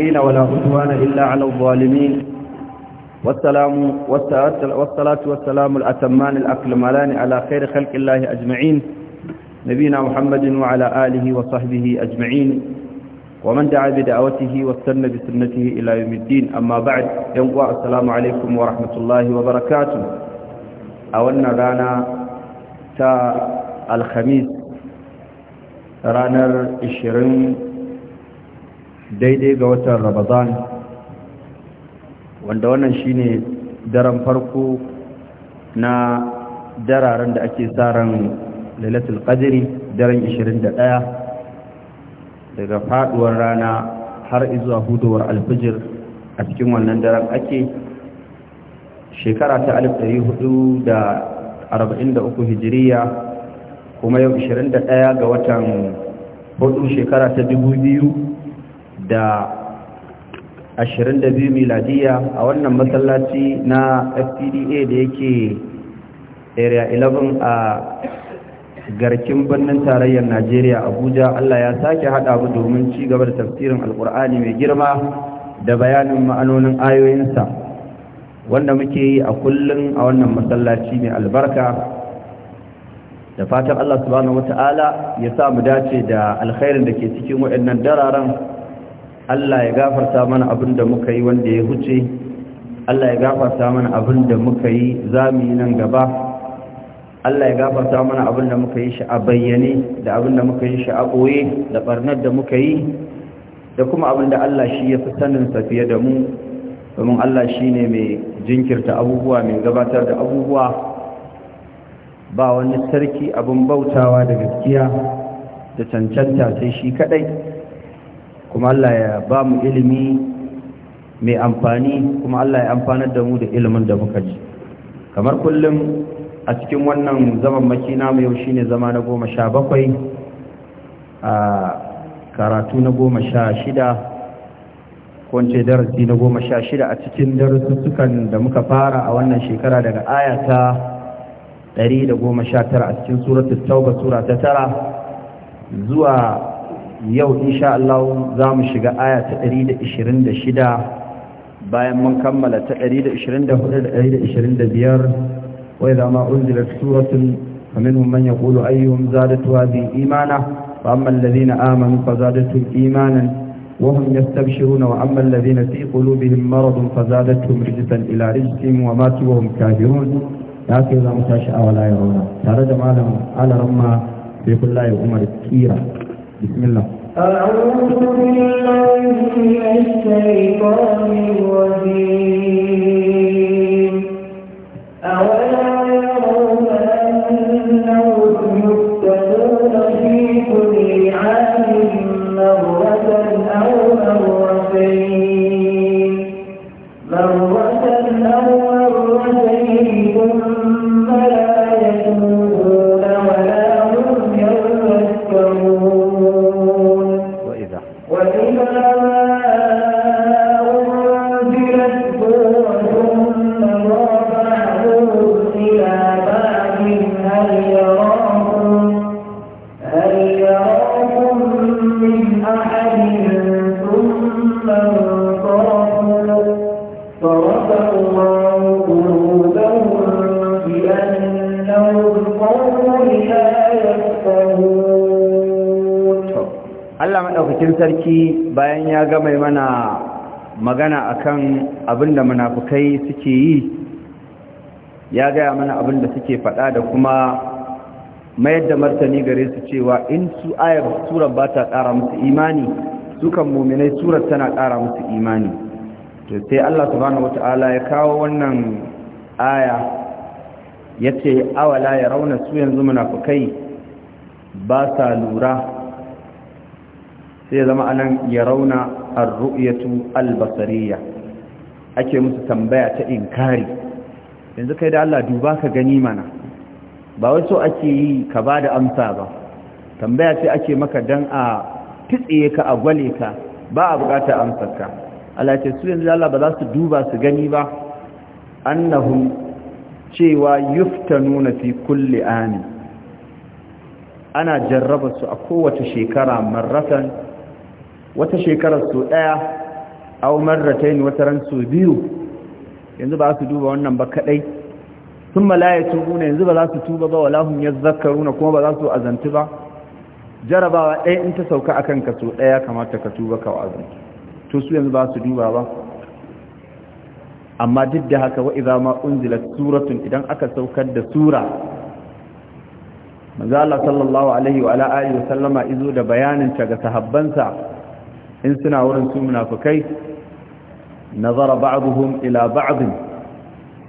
المعصين ولا عدوان إلا على الظالمين والسلام والصلاة والسلام الأتمان الأكملان على خير خلق الله أجمعين نبينا محمد وعلى آله وصحبه أجمعين ومن دعا بدعوته واستنى بسنته إلى يوم الدين أما بعد يوم السلام عليكم ورحمة الله وبركاته أولنا رانا تا الخميس رانر 20 daidai ga watan ramadan wanda wannan shine daren farko na dararen da ake tsaron lailatul qadri daren 21 daga faduwar rana har zuwa huduwar alfijir a cikin wannan daren ake shekara ta 1443 hijiriya kuma yau 21 ga watan hudu shekara ta 2000 da 22 miladiya a wannan masallaci na fpda da yake area 11 a garkin birnin tarayyar najeriya abuja allah ya sake haɗa mu domin ci gaba da tafsirin alkur'ani mai girma da bayanin ma'anonin ayoyinsa wanda muke yi a kullum a wannan masallaci mai albarka da fatan allah subhanahu ta'ala ya sa mu dace da alkhairin da ke cikin waɗannan dararen Allah ya gafarta mana abin da muka yi wanda ya huce Allah ya gafarta mana abin da muka yi zamu yi nan gaba Allah ya gafarta mana abin da muka yi shi a bayyane da abin da muka yi shi a ɓoye da ɓarnar da muka yi da kuma abin da Allah shi ya fi saninsa fiye da mu domin Allah shi ne mai jinkirta abubuwa mai gabatar da abubuwa ba wani sarki abin bautawa da gaskiya da cancanta sai shi kaɗai kuma Allah ya ba mu ilimi mai amfani kuma Allah ya amfanar da mu da ilimin da muka ji kamar kullum a cikin wannan zaman makina namu yau shine zama na goma sha bakwai a karatu na goma sha shida kwance darasi na goma sha shida a cikin darussukan da muka fara a wannan shekara daga ayata 119 a cikin suratul tauba sura ta tara zuwa yau insha Allah za mu shiga aya ta 126 bayan mun kammala ta 124 da 125 wa idza ma unzilat suratun faminhum man yaqulu ayyuhum zadatu hadhihi imana fa amma alladhina amanu fazadatuhum imanan وهم يستبشرون وأما الذين في قلوبهم مرض فزادتهم رجسا إلى رجسهم وماتوا وهم كافرون لكن إذا متشاء ولا يرون هذا جمالا على رمى في كل يوم عمر كثيرا بسم الله أعوذ بالله من الشيطان الرجيم أعوذ magana akan abin da munafukai suke yi ya gaya mana abin da suke faɗa da kuma mayar da martani gare su cewa in su ayar surar ba ta ƙara musu imani sukan muminai surar tana ƙara musu imani to sai Allah subhanahu wata'ala ya kawo wannan aya ya ce awala ya rauna su yanzu munafukai ba sa lura sai zama anan ya rauna ar-ru'yatu al ake musu tambaya ta inkari yanzu kai da Allah duba ka gani mana ba wai so ake yi ka ba da amsa ba tambaya sai ake maka dan a titsiye ka a gwale ka ba a bukata ka Allah ce su yanzu Allah ba za su duba su gani ba annahum cewa yuftanuna fi kulli amin ana jarraba su a kowace shekara marratan wata shekarar su ɗaya au marratain wata ran su biyu yanzu ba su duba wannan ba kaɗai. sun malaya tubuna yanzu ba za su tuba ba Walahun ya hum yazakkaruna kuma ba za su azantu ba jarabawa ɗaya in ta sauka a kanka so ɗaya kamata ka tuba ka azanti, to su yanzu ba su duba ba amma duk da haka wa idza ma unzilat suratun idan aka saukar da sura manzo Allah sallallahu alaihi wa alihi wa sallama izo da bayanin ta ga sahabbansa in suna wurin su munafikai nazara ba'dhum ila ba'd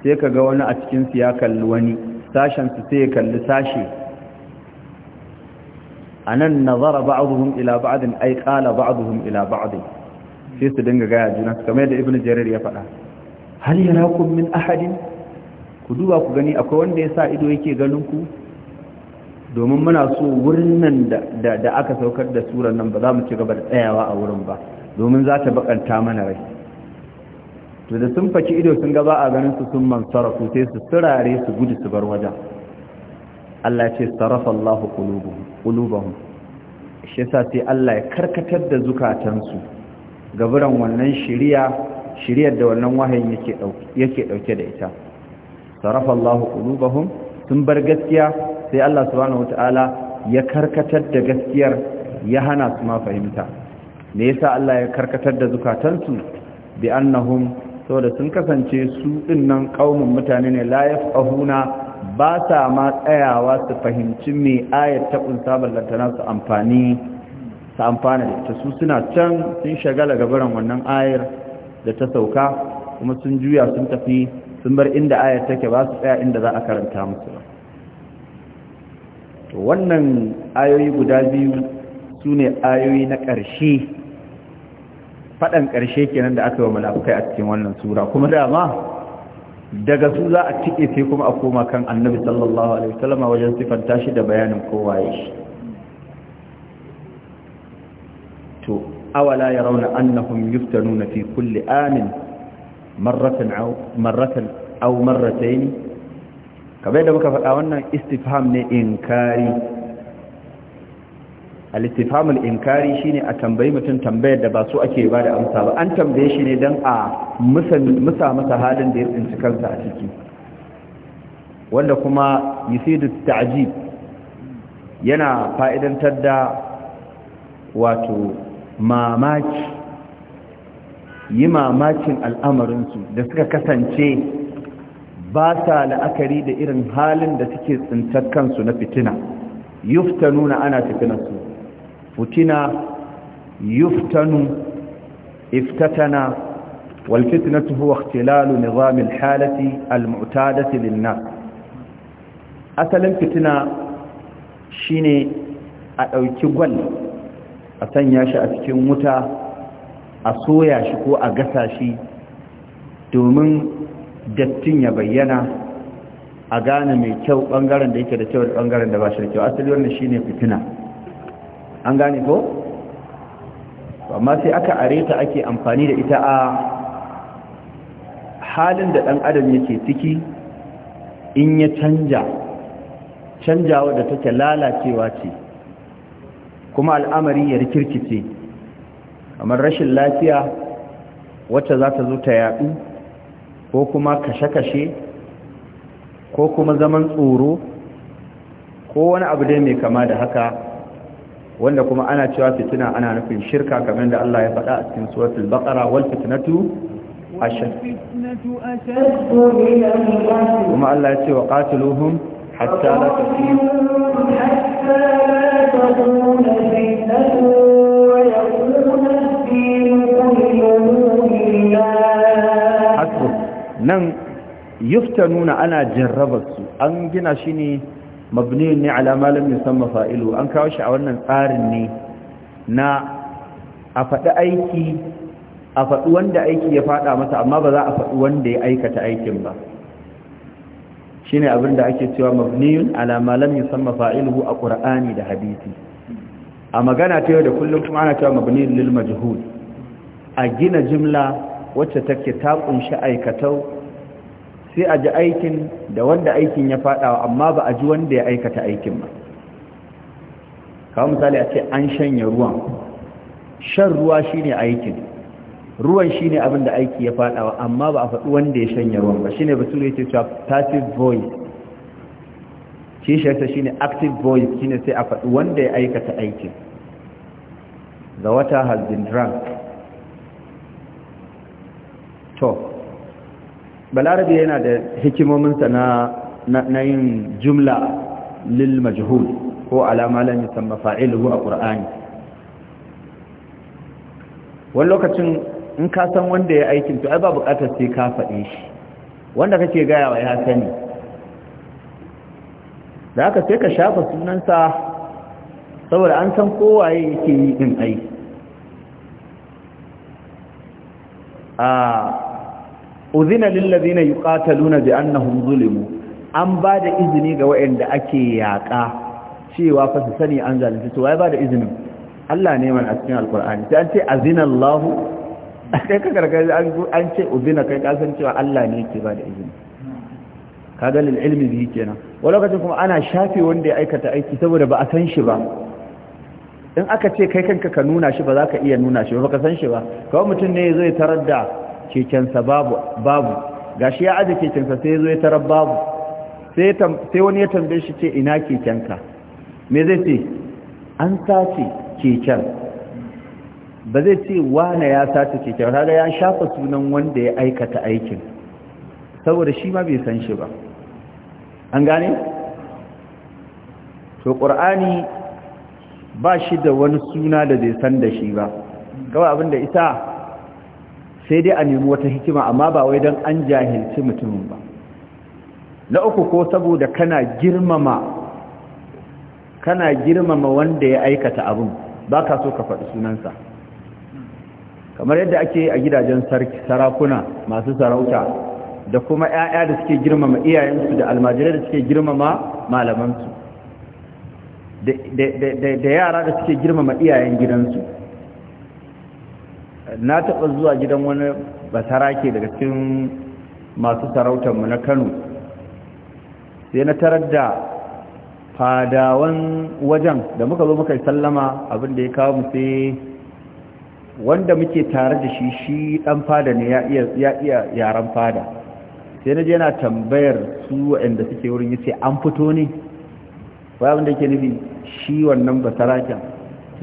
sai kaga wani a cikin su ya kalli wani sashen su sai ya kalli sashi anan nazara ba'dhum ila ba'd ay qala ba'dhum ila ba'd sai su dinga gaya juna kamar da ibnu jarir ya faɗa hal yarakum min ahadin ku duba ku gani akwai wanda ya sa ido yake ganin ku domin muna so wurin nan da aka saukar da surar nan ba za mu ci gaba da tsayawa a wurin ba domin za ta bakanta mana rai to da sun faci ido sun gaba a ganin su sun mansara su sai su turare su gudu su bar wajen Allah ya ce sarrafa Allah qulubuhum shi yasa sai Allah ya karkatar da zukatansu gaburan wannan shiriya shiriyar da wannan wahayin yake dauke yake dauke da ita sarrafa Allah qulubuhum sun bar gaskiya sai Allah subhanahu wataala ya karkatar da gaskiyar ya hana su ma fahimta me yasa Allah ya karkatar da zukatansu bi annahum saboda sun kasance su dinnan kaumun mutane ne la yafahuna ba sa ma tsayawa su fahimci me ayat ta kunsa ballantana su amfani amfana da ita su suna can sun shagala gabaran wannan ayar da ta sauka kuma sun juya sun tafi sun bar inda ayar take ba su tsaya inda za a karanta musu ba wannan ayoyi guda biyu su ne ayoyi na ƙarshe faɗan ƙarshe kenan da aka yi wa malafukai a cikin wannan sura kuma dama daga su za a cike sai kuma a koma kan annabi sallallahu alaihi wasallama wajen sifanta shi da bayanin kowa ya shi to awala ya rauna annahum yuftanuna fi kulli amin marratan aw marratan aw marratayn kamar yadda muka faɗa wannan istifam ne inkari al-istifhamul inkari shine a tambayi mutum tambayar da ba su ake ba da amsa ba an tambaye shi ne dan a musa masa halin da ya tsinci kansa a ciki wanda kuma yusidu ta'jib yana fa'idantar da wato mamaki yi mamakin al'amarinsu da suka kasance ba sa la'akari da irin halin da suke tsintar kansu na fitina yuftanu na ana fitinansu fitina yuftanu iftatana wal fitinatu huwa ikhtilalu nizam al halati al mu'tadati lin nas asalin fitina shine a ɗauki gwal a sanya shi a cikin wuta a soya shi ko a gasa shi domin dattin ya bayyana a gane mai kyau bangaren da yake da kyau da bangaren da ba shi da kyau asali wannan shine fitina an gane ko amma sai aka areta ake amfani da ita a halin da dan adam yake ciki in ya canja canjawa da take lalacewa ce kuma al'amari ya rikirkice kamar rashin lafiya wacce za ta zo ta yaɗu ko kuma kashe-kashe ko kuma zaman tsoro ko wani abu dai mai kama da haka wanda kuma ana cewa fitina ana nufin shirka kamar da Allah ya faɗa a cikin suratul baqara wal fitnatu ashad kuma Allah ya ce wa qatiluhum hatta la hatta la nan yufta nuna ana jarrabarsu an gina shi ne mabniyin ne alamalin musamman fa'ilu an kawo shi a wannan tsarin ne na a faɗi aiki a faɗi wanda aiki ya faɗa masa amma ba za a faɗi wanda ya aikata aikin ba shi ne abin da ake cewa mabniyun alamalan musamman fa'iluhu a ƙura'ani da hadisi a magana ta yau da kullum kuma ana cewa mabni lil majhul a gina jimla wacce take ta ƙunshi aikatau sai a ji aikin da wanda aikin ya fadawa amma ba a ji wanda ya aikata aikin ba kawo misali a ce an shanya ruwan shan ruwa shine aikin ruwan shine abin da aiki ya fadawa amma ba a faɗi wanda ya shanya ruwan ba shine bature yake cewa passive voice shi shine active voice ne sai a faɗi wanda ya aikata aikin the water has been drunk to Balarabi yana da hikimominsa na na yin jumla lil majhul ko alama lam yusamma fa'iluhu a qur'ani wani lokacin in ka san wanda ya aikin to ai ba bukatar sai ka faɗi shi wanda kake gaya wa ya sani da haka sai ka shafa sunansa saboda an san kowaye yake yi din aiki a ah, uzina lillazina yuqataluna bi annahum zulimu an ba da izini ga waɗanda ake yaƙa cewa fa su sani an zalunci to wai ba da izinin Allah ne man a cikin alkur'ani sai an ce azina Allah sai ka gargaji an ce uzina kai ka san cewa Allah ne yake ba da izini kaga lil ilmi bihi kenan wani lokacin kuma ana shafe wanda ya aikata aiki saboda ba a san shi ba in aka ce kai kanka ka nuna shi ba za ka iya nuna shi ba ka san shi ba kawai mutum ne zai tarar da kekensa babu babu gashi ya aje kekensa sai zo ya tarar babu sai wani ya tambaye shi ce ina kekenka me zai ce an sace keken ba zai ce wane ya sace keken kaga ya shafa sunan wanda ya aikata aikin saboda shi ma bai san shi ba an gane to qur'ani ba shi da wani suna da zai san da shi ba gawa abinda isa sai dai a nemi wata hikima amma ba wai don an jahilci mutumin ba na uku ko saboda kana girmama kana girmama wanda ya aikata abin ba ka so ka faɗi sunansa kamar yadda ake a gidajen sarakuna masu sarauta da kuma 'ya'ya da suke girmama iyayensu da almajirai da suke girmama malamansu da yara da suke girmama iyayen gidansu na taɓa zuwa gidan wani basarake daga cikin masu sarautar mu na kano sai na tarar da fadawan wajen da muka zo muka sallama abin da ya kawo mu sai wanda muke tare da shi shi ɗan fada ne ya iya yaren fada sai na je yana tambayar su waɗanda suke wurin yi sai an fito ne wai abin da yake nufi shi wannan basaraken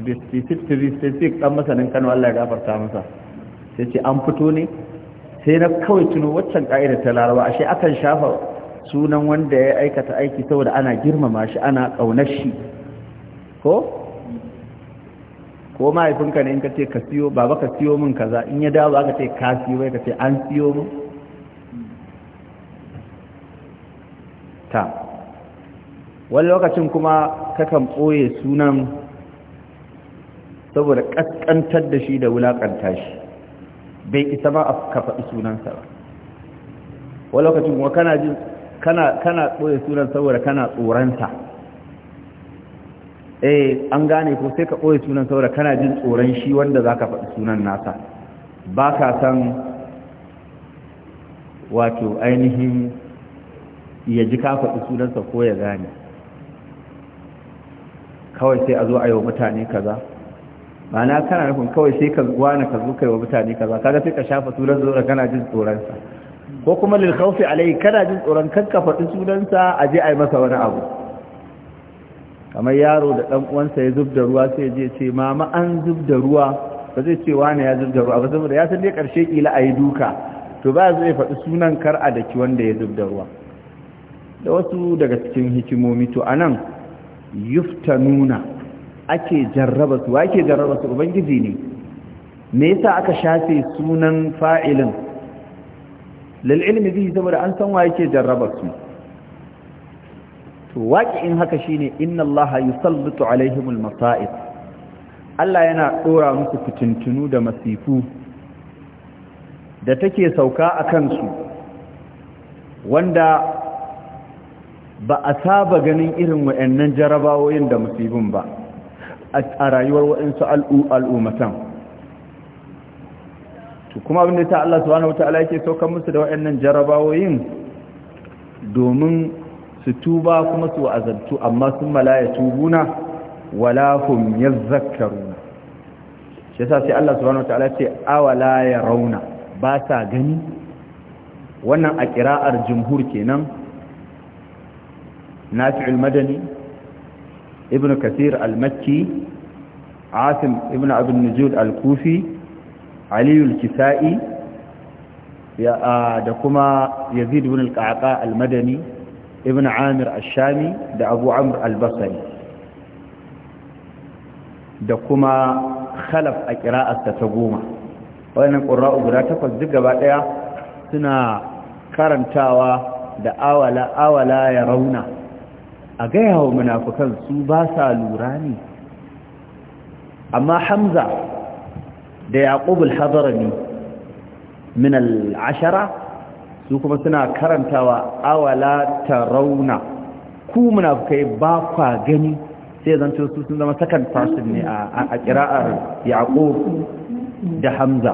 66 dan masanin Kano Allah ya gafarta masa sai ce an fito ne sai na kawai tuno waccan ka'ida ta Laraba ashe akan shafa sunan wanda ya aikata aiki saboda ana girmama shi ana kaunar shi ko ko mahaifinka ne in ka ce ka siyo baba ka siyo min kaza in ya dawo aka ce ka siyo ka ce an siyo min ta wani lokacin kuma kakan ɓoye sunan saboda ƙasƙantar da shi da wulaƙanta shi bai isa ba a kafa sunansa ba wani lokacin kuma kana jin kana kana tsoye sunan saboda kana tsoronsa eh an gane ko sai ka tsoye sunan saboda kana jin tsoron shi wanda za ka faɗi sunan nasa ba ka san wato ainihin ya ji ka faɗi sunansa ko ya gane kawai sai a zo a yi wa mutane kaza Mana kana nufin kawai sai ka gwana ka zuka kai wa mutane kaza ga sai ka shafa sunan zo kana jin tsoron ko kuma lil khawfi alai kana jin tsoron kanka faɗi sunan sa a je a yi masa wani abu kamar yaro da dan uwansa ya zub da ruwa sai ya je ce mama an zub da ruwa ba zai ce wani ya zub da ruwa ba saboda ya san dai karshe kila a yi duka to ba zai faɗi sunan kar a daki wanda ya zub da ruwa da wasu daga cikin hikimomi to anan yuftanuna ake jarraba su ake jarraba su ubangiji ne me yasa aka shafe sunan fa'ilin lil ilmi bihi saboda an san wa yake jarraba su to waqi'in haka shine inna allaha yusallitu alaihimul masa'ib Allah yana dora musu fitintunu da masifu da take sauka a kansu wanda ba a saba ganin irin waɗannan jarabawoyin da musibin ba a rayuwar waɗansu al'ummatan to kuma abin da ta Allah subhanahu wataala yake saukar musu da waɗannan jarabawoyin domin su tuba kuma su azabtu amma sun malaya tubuna wala hum yazakkaruna shi yasa sai Allah subhanahu wataala ce awala rauna ba sa gani wannan a kira'ar jumhur kenan nafi'ul madani ibn kathir al-makki asim ibn abin nujud al-kufi aliyul kisa'i da kuma yazid ibn al Almadani, al-madani ibn amir al-shami da abu amr al-basari da kuma khalaf a kira'arsa ta goma wannan ƙura'u guda takwas duk gaba ɗaya suna karantawa da awala awala ya rauna a gaya wa munafukan su ba sa lura ne amma hamza da yaqub al-hadrami min al-ashara su kuma suna karantawa awala rauna ku munafukai ba kwa gani sai zanto su sun zama second person ne a kira'ar yaqub da hamza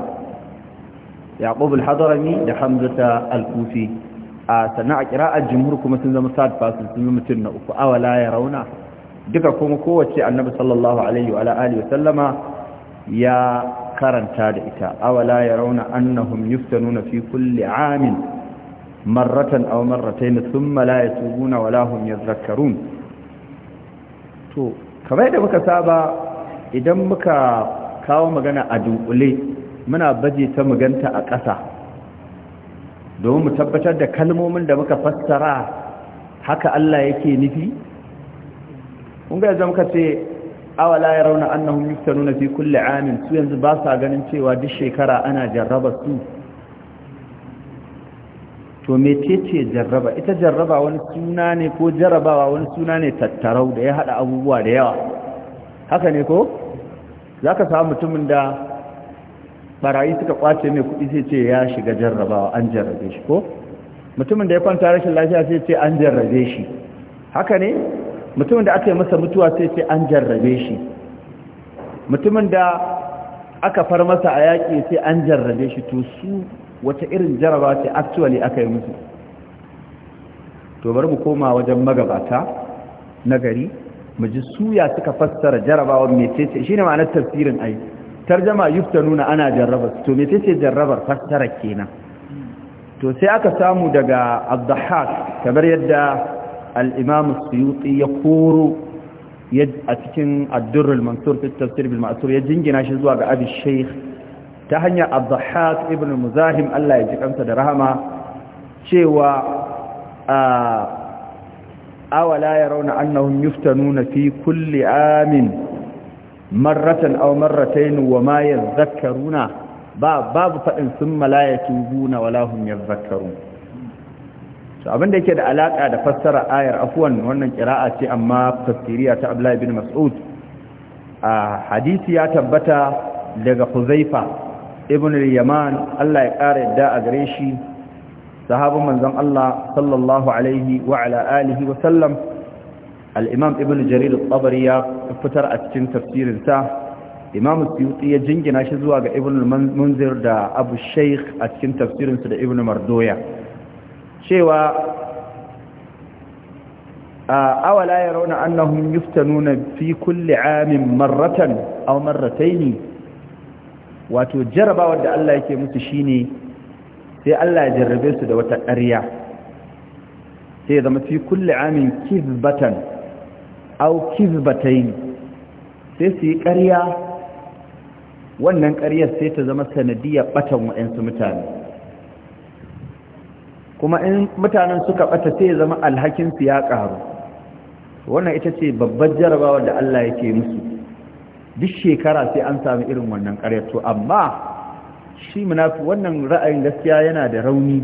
yaqub al da hamza al-kufi a sannan a kira'ar jimhur kuma sun zama sad fasil sun yi mutum na uku awala ya rauna duka kuma kowace annabi sallallahu alaihi wa alihi wa sallama ya karanta da ita awala ya rauna annahum yuftanuna fi kulli amin marratan aw marratayn thumma la yatubuna wala hum yadhakkarun to kamar da muka saba idan muka kawo magana a dunkule muna baje ta muganta a ƙasa domin mu tabbatar da kalmomin da muka fassara haka Allah yake nufi kun ga yanzu muka ce awala ya rauna annahum yuftanuna fi kulli amin su yanzu ba sa ganin cewa duk shekara ana jarraba su to mecece jarraba ita jarraba wani suna ne ko jarrabawa wani suna ne tattarau da ya hada abubuwa da yawa haka ne ko zaka samu mutumin da barayi suka kwace mai kuɗi sai ce ya shiga jarrabawa an jarrabe shi ko mutumin da ya kwanta rashin lafiya sai ce an jarrabe shi haka ne mutumin da aka yi masa mutuwa sai ce an jarrabe shi mutumin da aka far masa a yaƙi sai an jarrabe shi to su wata irin jaraba ce actually aka yi musu to bari mu koma wajen magabata nagari mu ji suya suka fassara jarabawa mai ce shine ma'anar tafsirin aiki. tarjama yufta nuna ana jarraba to me tace jarrabar fassara kenan to sai aka samu daga ad-dahhak kamar yadda al-imam as-suyuti ya koro a cikin ad-durr al-mansur fi tafsir bil ma'sur ya jingina shi zuwa ga abi shaykh ta hanyar ad-dahhak ibn muzahim Allah ya ji kansa da rahama cewa awala yarawna annahum yuftanuna fi kulli amin marratan aw marratayn wa ma yadhakkaruna ba babu fadin sun malayatu guna wala hum yadhakkarun to abin da yake da alaka da fassara ayar afwan wannan qira'a ce amma tafsiriya ta Abdullah ibn Mas'ud a hadisi ya tabbata daga Huzaifa ibn al-Yaman Allah ya kare yadda a gare shi sahabban manzon Allah sallallahu alaihi wa ala alihi wa sallam al'imam ibn jarir tsabari ya fitar a cikin tafsirinsa imam suyuti ya jingina shi zuwa ga ibn munzir da abu sheikh a cikin tafsirinsa da ibn mardoya cewa awala ya rauna annahum nuna fi kulle amin marratan aw marrataini wato jarabawar da Allah yake musu shine sai Allah ya jarrabe su da wata ƙarya sai zama fi kulle amin kizbatan au kizbatain sai su yi ƙarya wannan ƙaryar sai ta zama sanadiyar batan wa'ansu mutane kuma in mutanen suka bata sai ya zama alhakinsu ya ƙaru wannan ita ce babbar jarabawar da Allah yake musu duk shekara sai an sami irin wannan ƙaryar to amma shi munafi wannan ra'ayin gaskiya yana da rauni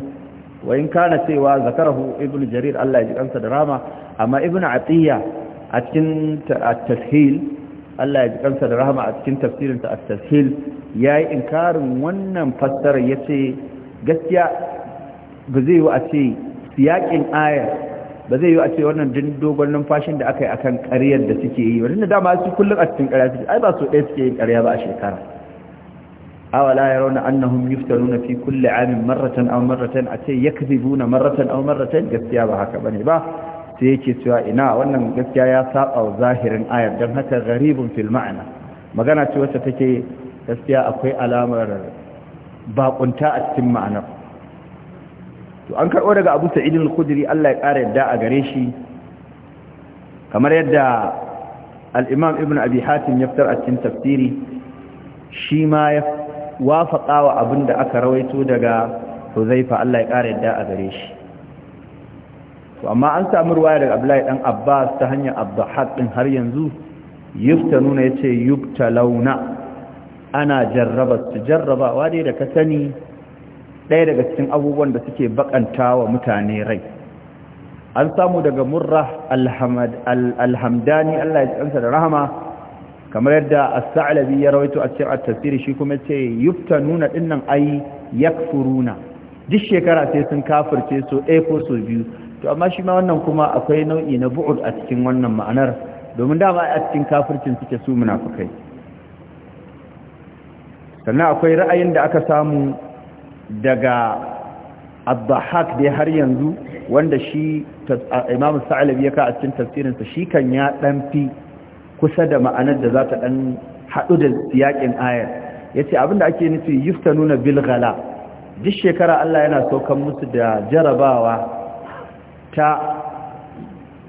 wa cewa zakarahu Ibnu Jarir Allah ya ji ɗansa da rama amma Ibnu Atsiyya. a cikin at Allah ya ji kansa da rahama a cikin tafsirinta ta at-tashhil yayi inkarin wannan fassarar ya ce gaskiya ba zai yi a ce siyakin ayar ba zai yi a ce wannan din dogon numfashin da aka yi a kan ƙaryar da suke yi wadanda dama su kullum a cikin ƙarya suke ai ba su ɗaya suke yin ƙarya ba a shekara Awa awala yarawna annahum yuftanuna fi kulli amin marratan aw marratan ate yakdhibuna marratan aw marratan gaskiya ba haka ba ne ba sai yake cewa ina wannan gaskiya ya saba wa zahirin ayar don haka garibin fil ma'ana magana ce wacce take gaskiya akwai alamar bakunta a cikin ma'anar to an karɓo daga abu sa'id al-khudri Allah ya ƙara yadda a gare shi kamar yadda al-imam ibn abi hatim ya fitar a cikin tafsiri shi ma ya wafaqa wa abinda aka rawaito daga Huzaifa Allah ya ƙara yadda a gare shi to amma an samu ruwaya daga abdullahi dan abbas ta hanyar abdahad din har yanzu ne yace yuftalauna ana jarraba su jarrabawa dai da ka sani ɗaya daga cikin abubuwan da suke bakanta wa mutane rai an samu daga murra alhamdani Allah ya tsansa da rahama kamar yadda as-sa'labi ya rawaito a cikin at-tafsir shi kuma yace ce yuftanuna dinnan ai yakfuruna duk shekara sai sun kafirce so a eh ko so biyu to amma shi ma wannan kuma akwai nau'i na bu'ud a cikin wannan ma'anar domin dama a cikin kafircin suke su munafukai sannan akwai ra'ayin da aka samu daga abdahak dai har yanzu wanda shi imam sa'alabi ya ka a cikin tafsirinsa shi kan ya dan fi kusa da ma'anar da za ta dan haɗu da yaƙin ayar Yace abin da ake nufi yufta nuna bilgala duk shekara Allah yana saukan musu da jarabawa ta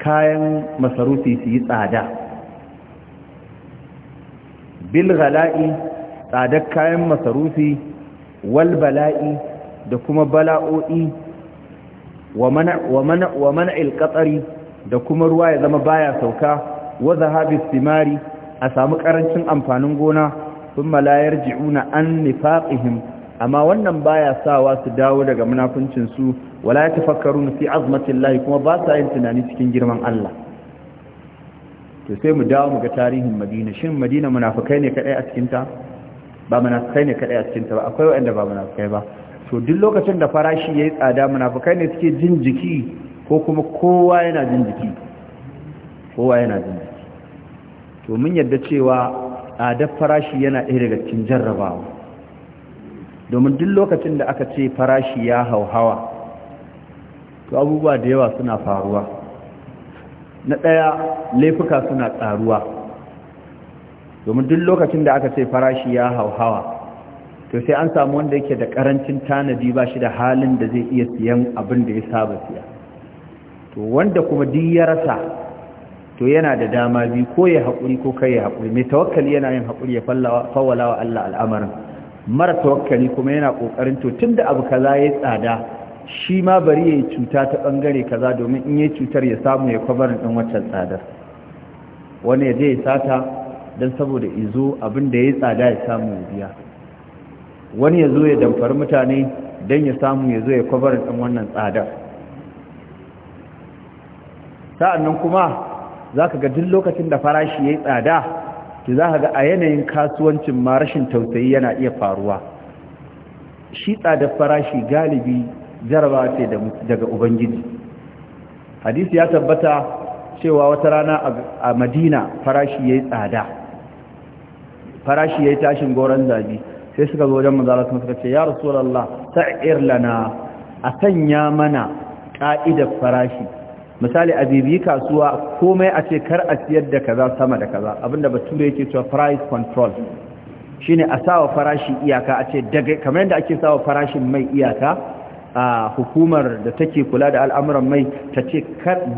kayan masarufi su yi tsada gala'i, tsadar kayan masarufi bala'i, da kuma bala'o'i wa mana'il katsari da kuma ruwa ya zama baya sauka wa zahabis simari a sami karancin amfanin gona sun malayar ji'una an nifaƙihim amma wannan baya sawa su dawo daga munafincin su wala tafakkaru fi azmatillahi kuma ba sa yin tunani cikin girman Allah to sai mu dawo mu ga tarihin Madina shin Madina munafikai ne kadai a cikin ta ba munafikai ne kadai a cikin ta ba akwai wanda ba munafikai ba to duk lokacin da farashi yayi tsada munafikai ne suke jin jiki ko kuma kowa yana jin jiki kowa yana jin jiki to mun yadda cewa da farashi yana ɗaya daga cikin jarrabawa domin duk lokacin da aka ce farashi ya hauhawa to abubuwa da yawa suna faruwa na ɗaya laifuka suna ƙaruwa domin duk lokacin da aka ce farashi ya hauhawa to sai an samu wanda yake da ƙarancin tanadi ba shi da halin da zai iya siyan abin da ya saba siya to wanda kuma duk ya rasa to yana da dama biyu ko ya haƙuri ko kai ya haƙuri mai tawakkali yana yin haƙuri ya fawwala wa Allah al'amarin mara tawakkali kuma yana kokarin to tun da abu kaza ya tsada shi ma bari yayi cuta ta bangare kaza domin in ya cutar ya samu ya kwabarin din waccan tsadar wani ya je ya sata dan saboda izo abin da yayi tsada ya samu ya biya wani ya zo ya damfar mutane dan ya samu ya zo ya kwabarin din wannan tsadar sa'annan kuma zaka ga duk lokacin da farashi yayi tsada Ki za ga a yanayin kasuwancin ma rashin tausayi yana iya faruwa shi tsada farashi galibi jarabawa ce daga ubangiji hadisi ya tabbata cewa wata rana a madina farashi ya yi tsada farashi ya yi tashin goron zabi sai suka zo wajen maza sun suka ce ya rasulallah ta'ir lana a sanya mana ƙa'idar farashi misali a bibi kasuwa komai a ce kar a siyar da kaza sama da kaza abinda bature yake cewa price control shine a sawa farashi iyaka a ce daga kamar yadda ake sawa farashin mai iyaka a hukumar da take kula da al'amuran mai ta ce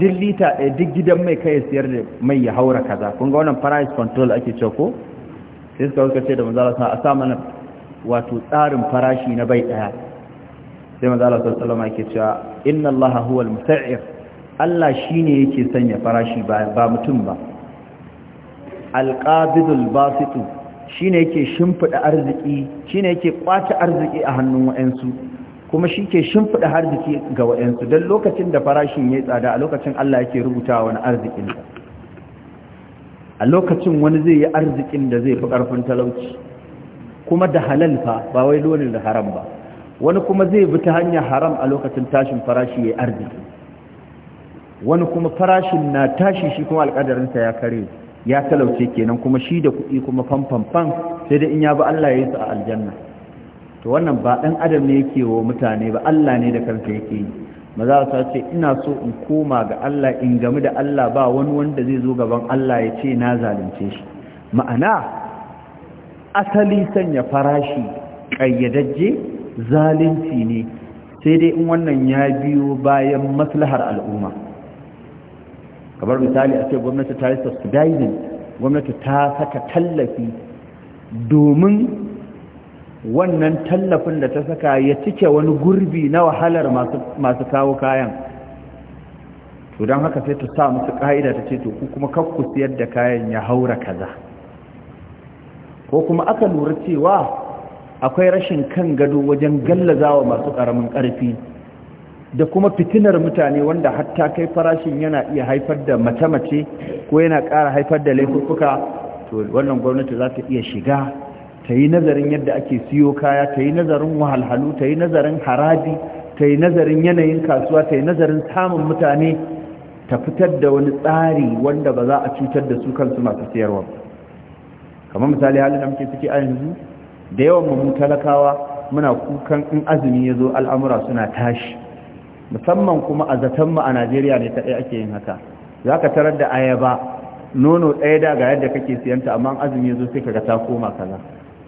duk lita ɗaya duk gidan mai kai siyar da mai ya haura kaza kun ga wannan price control ake cewa ko sai suka suka ce da manzala a sa mana wato tsarin farashi na bai ɗaya sai manzala sallallahu alaihi wasallam yake cewa inna Allah huwal musta'ir Allah shi ne yake sanya farashi ba mutum ba alƙabidul basitu shi ne yake shimfiɗa arziki shi ne yake ƙwace arziki a hannun wa'yansu kuma shi ke shimfiɗa arziki ga wa'yansu don lokacin da farashin ya tsada a lokacin Allah yake rubuta wani arzikin a lokacin wani zai yi arzikin da zai fi ƙarfin talauci kuma da halal fa ba wai lonin da haram ba wani kuma zai bi ta hanyar haram a lokacin tashin farashi ya yi arziki wani kuma farashin na tashi shi kuma alƙadarinsa ya kare ya talauce kenan kuma shi da kuɗi kuma fanfanfan sai dai in ya bi Allah ya yi su a aljanna to wannan ba ɗan adam ne yake wa mutane ba Allah ne da kansa yake yi maza ta ce ina so in koma ga Allah in gamu da Allah ba wani wanda zai zo gaban Allah ya ce na zalunce shi ma'ana asali sanya farashi ƙayyadajje zalunci ne sai dai in wannan ya biyo bayan maslahar al'umma kamar misali a ce gwamnati ta yi subsidizing gwamnati ta saka tallafi domin wannan tallafin da ta saka ya cike wani gurbi na wahalar masu kawo kayan to don haka sai ta sa musu ƙa'ida ta ce to kuma kakku siyar da kayan ya haura kaza ko kuma aka lura cewa akwai rashin kan gado wajen gallazawa masu ƙaramin ƙarfi da kuma fitinar mutane wanda hatta kai farashin yana iya haifar da mace-mace ko yana ƙara haifar da laifuka to wannan gwamnati za ta iya shiga ta yi nazarin yadda ake siyo kaya ta yi nazarin wahalhalu ta yi nazarin haraji ta yi nazarin yanayin kasuwa ta yi nazarin samun mutane ta fitar da wani tsari wanda ba za a cutar da su kansu masu siyarwa kamar misali halin da muke ciki a yanzu da yawan mu talakawa muna kukan in azumi ya zo al'amura suna tashi musamman kuma a zatanmu a najeriya ne ta kaɗai ake yin haka za ka tarar da ayaba nono ɗaya da ga yadda kake siyanta amma azumi ya zo sai kaga ta koma kaza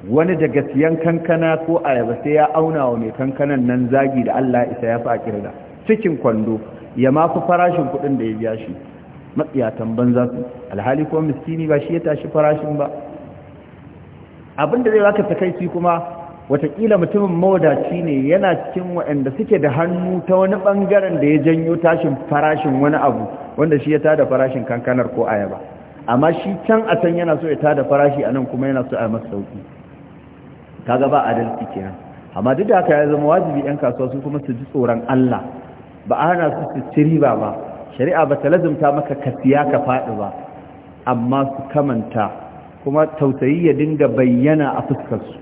wani daga siyan kankana ko ayaba sai ya auna wa mai kankanan nan zagi da allah ya isa ya fi a cikin kwando ya ma fi farashin kuɗin da ya biya shi matsiyatan banza su alhali kuma miskini ba shi ya tashi farashin ba abin da zai baka takaici kuma Wataƙila mutumin mawadaci ne yana cikin waɗanda suke da hannu ta wani ɓangaren da ya janyo tashin farashin wani abu wanda shi ya tada farashin kankanar ko ayaba amma shi can a can yana so ya tada farashi a nan kuma yana so a masa sauki kaga ba adalci kenan amma duk da haka ya zama wajibi yan kasuwa su kuma su ji tsoron Allah ba a hana su su riba ba shari'a ba ta lazumta maka ka siya ka faɗi ba amma su kamanta kuma tausayi ya dinga bayyana a fuskarsu.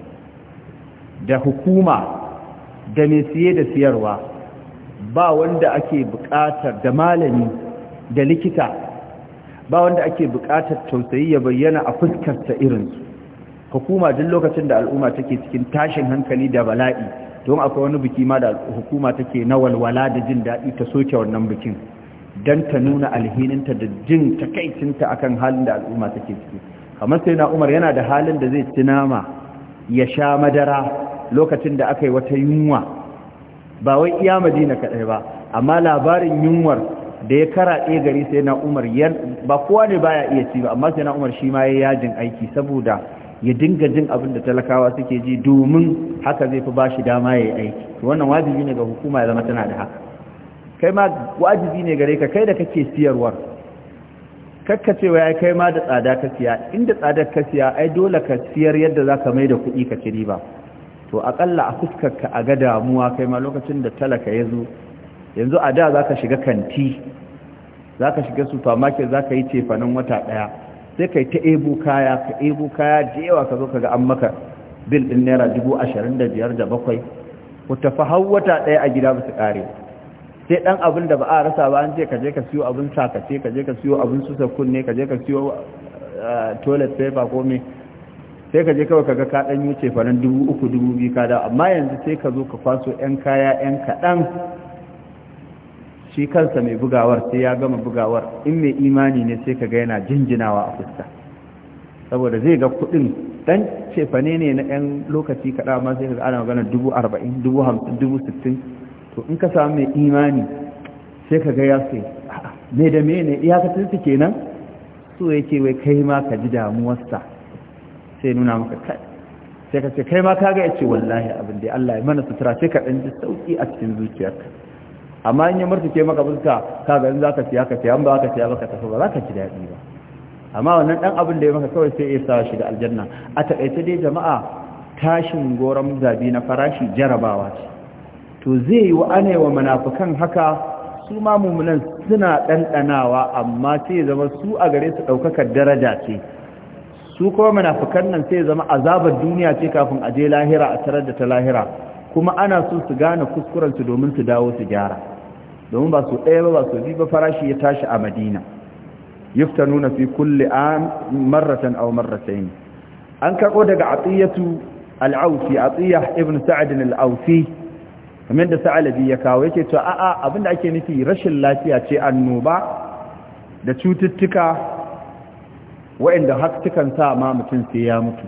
da hukuma da mai siye da siyarwa ba wanda ake buƙatar da malami da likita ba wanda ake buƙatar tausayi ya bayyana a fuskarsa irinsu hukuma duk lokacin da al'umma take cikin tashin hankali da bala'i don akwai wani biki ma da hukuma take na walwala da jin daɗi ta soke wannan bikin don ta nuna alhininta da jin takaicinta kan halin da al'umma take ciki kamar sai na umar yana da halin da zai ci nama ya sha madara lokacin da aka yi wata yunwa ba wai iya madina kaɗai ba amma labarin yunwar da ya karaɗe gari sai na umar ba kowa ne baya iya ci ba amma sai na umar shi ma ya yajin aiki saboda ya dinga jin abin da talakawa suke ji domin haka zai fi ba shi dama ya yi aiki wannan wajibi ne ga hukuma ya zama tana da haka kai ma wajibi ne gare ka kai da kake siyarwar kakka cewa ya kai ma da tsada ka siya inda tsadar ka siya ai dole ka siyar yadda za ka mai da kuɗi ka ci riba to akalla a fuskarka a ga damuwa kai ma lokacin da talaka ya zo yanzu a da za ka shiga kanti za ka shiga supermarket za ka yi cefanin wata ɗaya sai ka yi ta ebo kaya ka ebo kaya jewa ka zo ka ga an maka bil ɗin naira dubu ashirin da biyar da bakwai ku tafi hau wata ɗaya a gida ba su ƙare sai ɗan abin da ba a rasa ba an ce ka je ka siyo abin sakace ka je ka siyo abin susa kunne ka je ka siyo eh, toilet paper ko me sai ka je kawai kaga ka dan yuce faran dubu uku dubu biyu ka da amma yanzu sai ka zo ka kwaso yan kaya yan kaɗan shi kansa mai bugawar sai ya gama bugawar in mai imani ne sai ka ga yana jinjinawa a fuska saboda zai ga kuɗin dan cefane ne na yan lokaci kaɗa amma sai ka ga ana magana dubu arba'in dubu hamsin dubu sittin to in ka samu mai imani sai ka ga ya sai me da me ne iyakacin su kenan so yake wai kai ma ka ji damuwarsa sai nuna maka kai sai ka ce kai ma ka ga yace wallahi abin da Allah ya mana sutura sai ka dan ji sauki a cikin zuciyarka amma in ya murtuke maka buska ka ga in zaka siya ka siya an ba ka siya ba ka tafi ba za ka ji daɗi ba amma wannan dan abin da ya maka kawai sai ya sa shi da aljanna a takaice dai jama'a tashin goran zabi na farashi jarabawa ce to zai yi wa 'ane wa munafukan haka su ma suna ɗanɗanawa amma sai zama su a gare su ɗaukakar daraja ce su kuma munafikan nan sai zama azabar duniya ce kafin a je lahira a tarar da ta lahira kuma ana so su gane kuskuren su domin su dawo su gyara domin ba su ɗaya ba ba su bi ba farashi ya tashi a madina nuna fi kulli an marratan aw marratayn an karɓo daga atiyatu al-awfi atiyah ibn sa'd al-awfi kamar da sa'alabi ya kawo yake to a'a abinda ake nufi rashin lafiya ce annoba da cututtuka wa'inda haskukan sa ma mutum sai ya mutu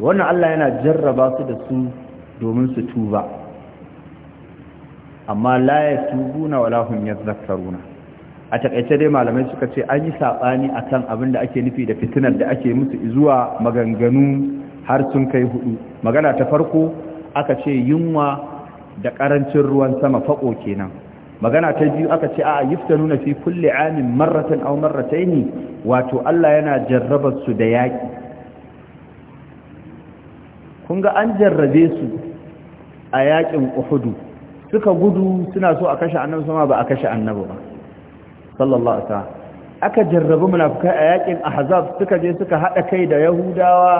wannan Allah yana jarraba su da su domin su tuba amma la na wala hum yadhakkaruna a takaice dai malamai suka ce an yi sabani akan abin da ake nufi da fitinar da ake musu zuwa maganganu har sun kai hudu magana ta farko aka ce yunwa da ƙarancin ruwan sama fako kenan magana ta biyu aka ce a yuftanuna fi kulli amin marratan aw marrataini wato Allah yana jarrabar su da yaki kun ga an jarrabe su a yakin Uhud suka gudu suna so a kashe annabi sama ba a kashe annabi ba sallallahu alaihi wasallam aka jarrabi munafikai a yakin ahzab suka je suka hada kai da yahudawa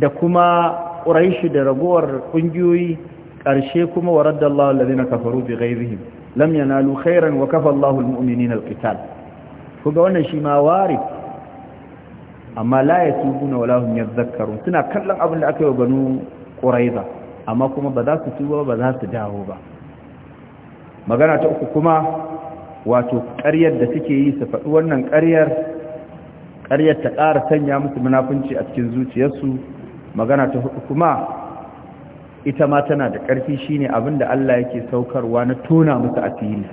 da kuma quraishi da ragowar kungiyoyi karshe kuma waraddallahu alladhina kafaru bi ghayrihim lam yanalu khairan wa kafa Allahu almu'minina alqital kuga wannan shi ma wari amma la yatubuna wala hum yadhakkarun suna kallon abin da aka yi banu quraiza amma kuma ba za su tuba ba za su dawo ba magana ta uku kuma wato ƙaryar da suke yi su faɗi wannan ƙaryar ƙaryar ta ƙara sanya musu munafunci a cikin zuciyarsu magana ta hudu kuma ita ma tana da ƙarfi shine abin da Allah yake saukarwa na tona musu asiri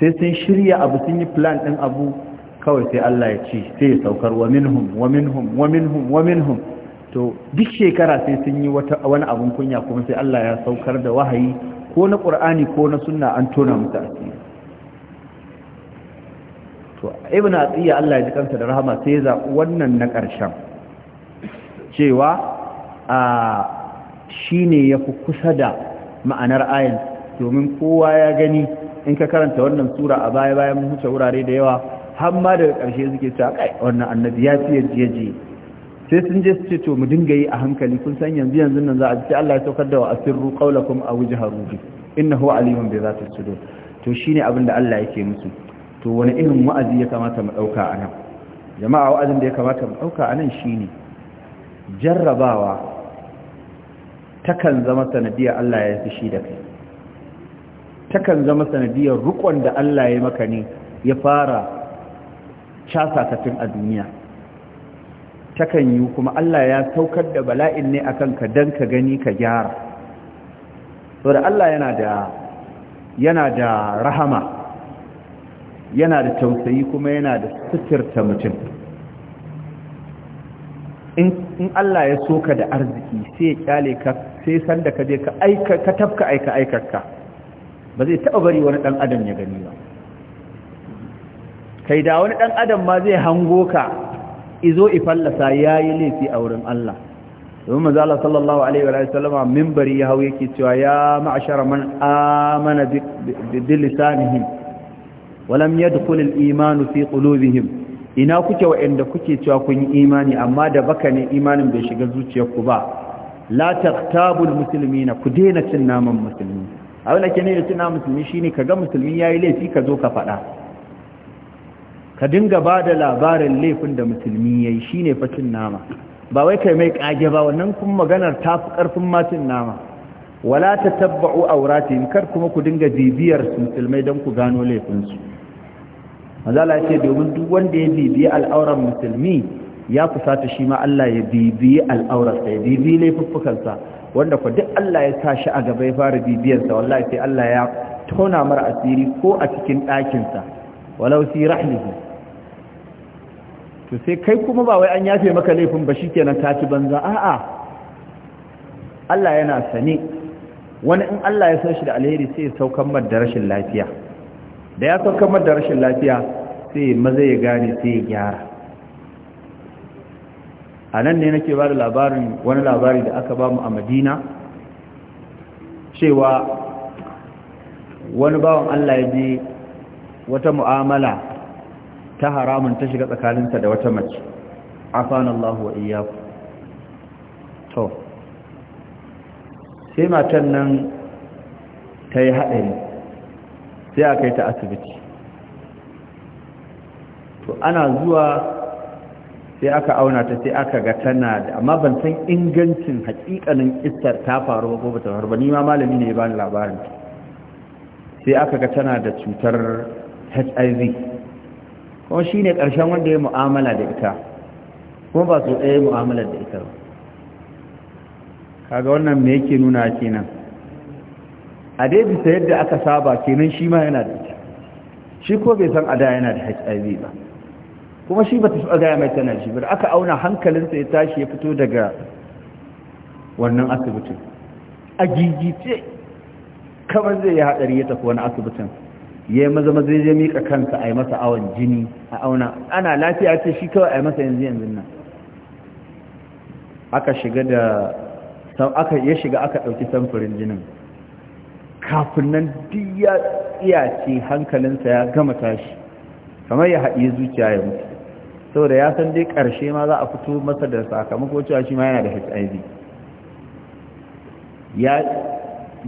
sai sun shirya abu sun yi plan ɗin abu kawai sai Allah ya ce sai ya saukar wa minhum wa minhum wa minhum wa minhum to duk shekara sai sun yi wani abun kunya kuma sai Allah ya saukar da wahayi ko na ƙur'ani ko na sunna an tona musu asiri to ibn atiya Allah ya ji kansa da rahama sai ya zaɓi wannan na ƙarshen cewa a shine fi kusa da ma'anar ayin domin kowa ya gani in ka karanta wannan sura a baya bayan mun huce wurare da yawa har ma daga ƙarshe suke cewa kai wannan annabi ya fiye jiye sai sun je su ce to mu dinga yi a hankali kun san yanzu yanzu nan za a ce Allah ya saukar da wa asirru qaulakum aw jahru bi innahu alimun bi zati sudur to shine abin da Allah yake musu to wani irin wa'azi ya kamata mu dauka anan jama'a wa'azin da ya kamata mu dauka anan shine jarrabawa takan zama sanadiyar Allah ya fi shi da kai takan zama sanadiyar rukon da Allah ya maka ne ya fara casa a duniya takan yi kuma Allah ya saukar da bala'in ne a kanka don ka gani ka gyara so da Allah yana da yana da rahama yana da tausayi kuma yana da suturta mutum in Allah ya soka da arziki sai ya kyale ka sai sanda ka je ka aika ka tafka aika aikarka ba zai taɓa bari wani ɗan adam ya gani ba kai da wani ɗan adam ma zai hango ka izo ifallasa ya yi laifi a wurin Allah domin mazala sallallahu alaihi wa sallama mimbari ya hau yake cewa ya ma'ashara man amana bi lisanihim walam yadkhul al-iman fi qulubihim ina kuke wa'anda kuke cewa kun yi imani amma da baka ne imanin bai shiga zuciyarku ba la taqtabul muslimina ku daina cin naman musulmi abin da ke ne da cin naman musulmi shine kaga musulmi yayi laifi ka zo ka faɗa ka dinga bada labarin laifin da musulmi yayi shine fa cin nama ba wai kai mai kage ba wannan kuma maganar ta fi karfin ma cin nama wala tatabba'u awratihim kar kuma ku dinga bibiyar musulmai dan ku gano laifin su ce domin duk wanda ya bibiya al'auran musulmi ya fusata shi ma Allah ya bibiyi al'aurarsa ya bibiyi laifuffukansa wanda ku duk Allah ya tashi a gaba ya fara bibiyarsa wallahi sai Allah ya tona mara asiri ko a cikin ɗakinsa walau si rahlihi to sai kai kuma ba wai an yafe maka laifin ba shikenan ta ci banza a'a Allah yana sane wani in Allah ya san shi da alheri sai ya saukan mar da rashin lafiya da ya saukan mar da rashin lafiya sai maza ya gane sai ya gyara a nan ne nake ba da labarin wani labari da aka ba mu a madina cewa wani bawan allah ya je wata mu'amala ta haramun ta shiga tsakaninsa da wata mace afanallahu wa iyaku to sai matan nan ta yi haɗari sai aka yi ta asibiti to ana zuwa sai aka auna ta sai aka ga tana da amma ban san ingancin hakikanin istar ta faru ko ba ta faru ba ni ma malami ne ba ni labarin sai aka ga tana da cutar HIV kuma shine karshen wanda ya mu'amala da ita kuma ba su ɗaya mu'amala da ita ba kaga wannan me yake nuna kenan a dai bisa yadda aka saba kenan shi ma yana da ita shi ko bai san ada yana da HIV ba kuma shi ba ta taɓa gaya mai tana shi ba aka auna hankalinsa ya tashi ya fito daga wannan asibitin a gigice kamar zai yi haɗari ya tafi wani asibitin ya yi maza maza ya miƙa kansa a yi masa awon jini a auna ana lafiya ce shi kawai a yi masa yanzu yanzu nan aka shiga da aka ya shiga aka ɗauki samfurin jinin kafin nan duk ya tsiyace hankalinsa ya gama tashi kamar ya haɗi zuciya ya mutu da ya san dai ƙarshe ma za a fito masa da sakamako cewa shi ma yana da hiv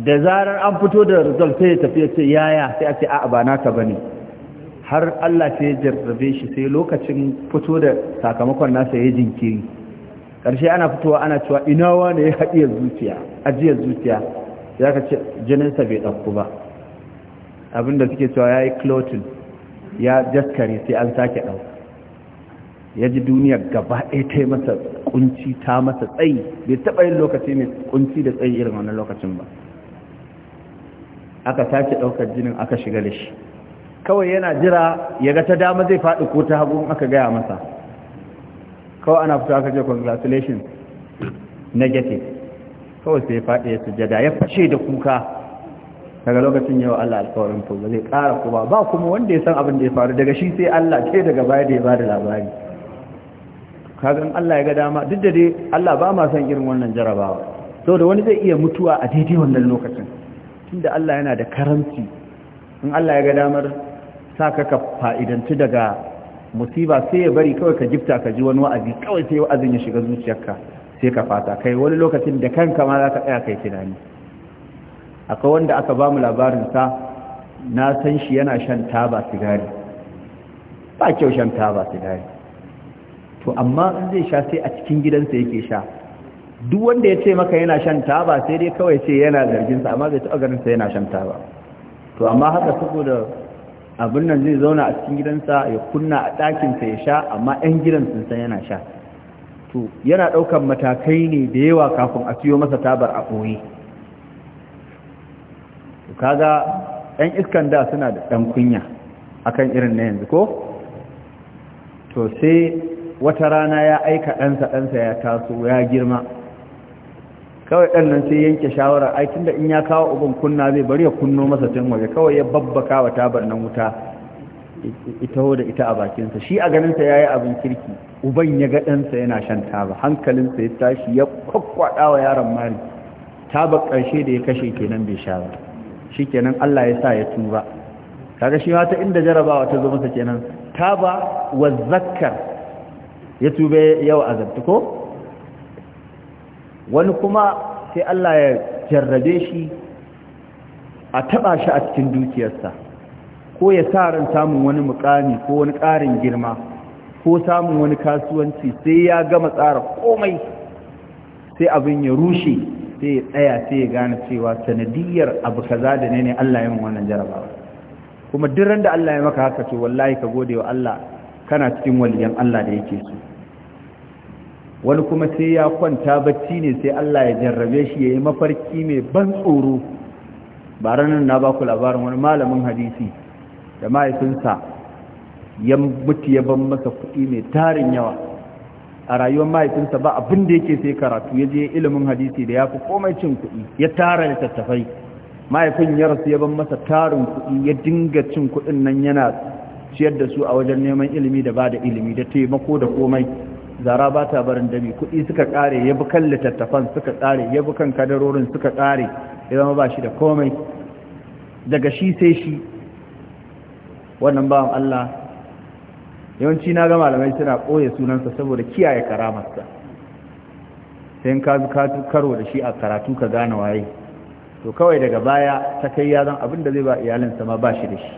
da zarar an fito da result sai ya tafi ya ce yaya sai a ce a'a ba naka bane har Allah sai ya jarrabe shi sai lokacin fito da sakamakon nasa ya jinkiri ƙarshe ana fitowa ana cewa ina wani ya haɗiya zuciya ajiyar zuciya ya ka ce jininsa bai ɗauku ba abinda suke cewa ya yi clotin ya jaskare sai an sake ɗauku ya ji duniyar gaba ɗaya ta yi masa kunci ta masa tsayi bai taɓa yin lokaci mai kunci da tsayi irin wannan lokacin ba aka sake ɗaukar jinin aka shiga da shi kawai yana jira ya ga ta dama zai faɗi ko ta hagu aka gaya masa kawai ana fito aka ce congratulations negative kawai sai ya faɗi ya sujada ya fashe da kuka daga lokacin yau Allah alkawarin to ba zai ƙara kuma ba kuma wanda ya san abin da ya faru daga shi sai Allah ke daga baya da ya ba da labari kagan Allah ya ga dama duk da dai Allah ba ma son irin wannan jarabawa saboda wani zai iya mutuwa a daidai wannan lokacin tunda Allah yana da karanci in Allah ya ga damar saka ka fa'idanci daga musiba sai ya bari kawai ka gifta ka ji wani wa'azi kawai sai wa'azin ya shiga zuciyarka sai ka fata kai wani lokacin da kanka ma za ka tsaya kai tunani akwai wanda aka ba mu sa na san shi yana shan taba sigari ba kyau shan taba sigari to amma in zai sha sai a cikin gidansa yake sha duk wanda ya ce maka yana shan taba sai dai kawai ce yana zarginsa amma taba taɓa ganinsa yana shan taba to amma haka saboda abin nan zai zauna a cikin gidansa ya kunna a ɗakinsa ya sha amma 'yan gidan sun san yana sha to yana ɗaukar matakai ne da yawa kafin a siyo masa tabar a ɓoye kaga 'yan iskan da suna da ɗan kunya akan irin na yanzu ko to sai wata rana ya aika ɗansa ɗansa ya taso ya girma kawai ɗan nan sai yanke shawara ai da in ya kawo uban kunna zai bari ya kunno masa can waje kawai ya babbaka wa tabar nan wuta ita da ita a bakinsa shi a ganinsa ya yi abin kirki uban ya ga ɗansa yana shan taba hankalinsa ya tashi ya kwakwaɗa wa yaron mari tabar ƙarshe da ya kashe kenan bai sha ba shi kenan allah ya sa ya tuba kaga shi ma ta inda jarabawa ta zo masa kenan taba wa zakkar ya tube yau a ko wani kuma sai Allah ya jarrabe shi a taba shi a cikin dukiyarsa ko ya sa ran samun wani mukami ko wani ƙarin girma ko samun wani kasuwanci sai ya gama tsara komai sai abin ya rushe sai ya tsaya sai ya gane cewa sanadiyar abu kaza da ne ne Allah ya wannan jarabawa kuma duk da Allah ya maka haka ce wallahi ka gode wa Allah kana cikin waliyan Allah da yake so wani kuma sai ya kwanta bacci ne sai Allah ya jarrabe shi yi mafarki mai ban tsoro ba ranar na baku labarin wani malamin hadisi da mahaifinsa ya mutu ya ban masa kuɗi mai tarin yawa a rayuwar mahaifinsa ba abin da yake sai karatu ya je ilimin hadisi da ya fi komai cin kuɗi ya tara littattafai mahaifin ya rasu ya ban masa tarin kuɗi ya dinga cin kuɗin nan yana ciyar da su a wajen neman ilimi da ba da ilimi da taimako da komai zara ba ta barin dami kuɗi suka ƙare ya bi kan littattafan suka ƙare ya bi kan kadarorin suka ƙare ya zama ba shi da komai daga shi sai shi wannan bawan Allah yawanci na ga malamai suna ɓoye sunansa saboda kiyaye karamarsa sai ka zu karo da shi a karatu ka gane waye to kawai daga baya ta kai ya zan abin da zai ba iyalinsa ma ba shi da shi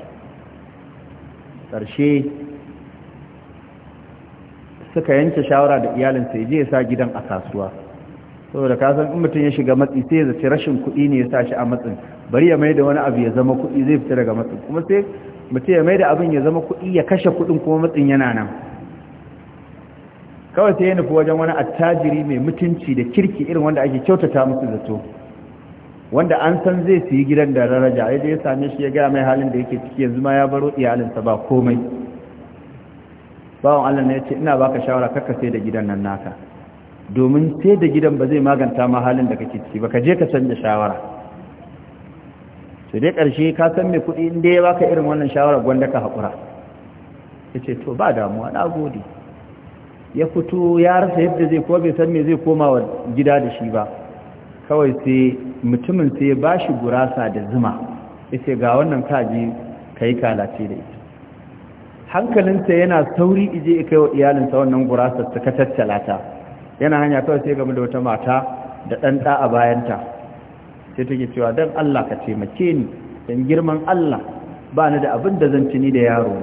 ƙarshe suka yanke shawara da iyalinsa ya je ya sa gidan a kasuwa saboda kasan in mutum ya shiga matsi sai ya zaci rashin kuɗi ne ya sa shi a matsin bari ya mai wani abu ya zama kuɗi zai fita daga matsin kuma sai mutum ya mai da abin ya zama kuɗi ya kashe kuɗin kuma matsin yana nan kawai sai ya nufi wajen wani attajiri mai mutunci da kirki irin wanda ake kyautata musu zato wanda an san zai su yi gidan da daraja ya je ya same shi ya gaya mai halin da yake ciki yanzu ma ya baro iyalinsa ba komai bawon Allah ne ya ce ina baka shawara kakka sai da gidan nan naka domin sai da gidan ba zai maganta ma halin da kake ciki ba ka je ka canza shawara sai dai karshe ka san mai kuɗi inda ya baka irin wannan shawara gwanda ka haƙura ya ce to ba damuwa na gode ya fito ya rasa yadda zai ko bai san me zai koma wa gida da shi ba kawai sai mutumin sai ya bashi gurasa da zuma ya ce ga wannan kaji ka yi kalace da ita hankalinta yana sauri ije ya kai wa iyalinsa wannan gurasar ta tattala ta yana hanya kawai sai game da wata mata da ɗan ɗa a bayanta sai take cewa don Allah ka taimake ni don girman Allah ba ni da abin da zan ci ni da yaro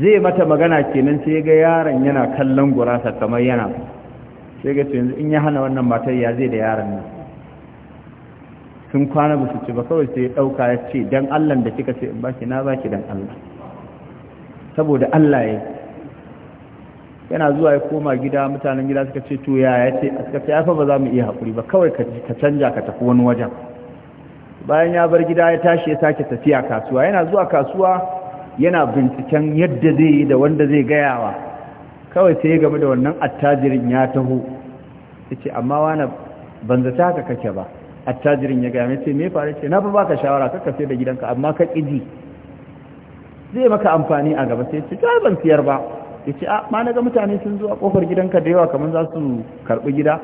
zai mata magana kenan sai ga yaron yana kallon gurasa kamar yana sai ga yanzu in ya hana wannan matar ya zai da yaron nan sun kwana ba su ci ba kawai sai ya ɗauka ya ce don Allah da kika ce in baki na baki don Allah saboda Allah ya yana zuwa ya koma gida mutanen gida suka ce to yaya ce suka ce ba za mu iya haƙuri ba kawai ka canja ka tafi wani wajen bayan ya bar gida ya tashi ya sake tafiya kasuwa yana zuwa kasuwa yana binciken yadda zai yi da wanda zai gayawa kawai sai ya game da wannan attajirin ya taho ya ce amma wani banzata haka kake ba attajirin ya gaya mai ce me faru ce na ba baka shawara kaka sai da gidanka amma ka ƙiji zai maka amfani a gaba sai ce ta ban siyar ba ya ce a ma na ga mutane sun zuwa a kofar gidanka da yawa kamar za su karɓi gida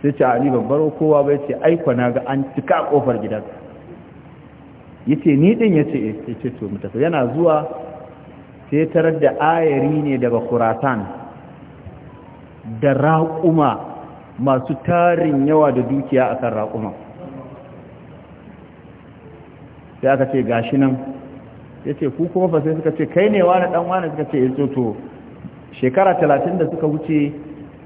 sai ce a ni babbar kowa bai ce aiko na ga an cika kofar gidan ya ce ni ɗin ya ce eh. ya ce to mutafi yana zuwa sai tarar da ayari ne daga kuratan da raƙuma masu tarin yawa da dukiya a kan raƙuma sai aka ce gashi nan ya ce ku kuma fasai suka ce kai ne wani dan wani suka ce iso eh, to shekara talatin da suka wuce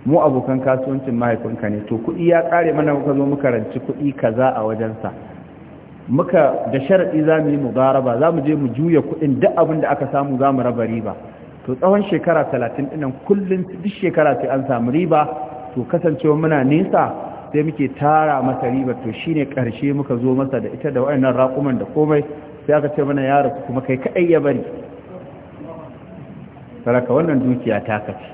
mu abokan kasuwancin mahaifinka ne to kuɗi ya kare mana muka zo muka ranci kuɗi kaza a wajensa muka da sharaɗi za mu yi mu ba za mu je mu juya kuɗin duk abin da aka samu za mu raba riba to tsawon shekara talatin ɗinan kullum duk shekara sai an samu riba to kasancewa muna nesa sai muke tara masa riba to shine ƙarshe muka zo masa da ita da waɗannan raƙuman da komai sai aka ce mana yaro kuma kai kaɗai ya bari saraka wannan dukiya ta kace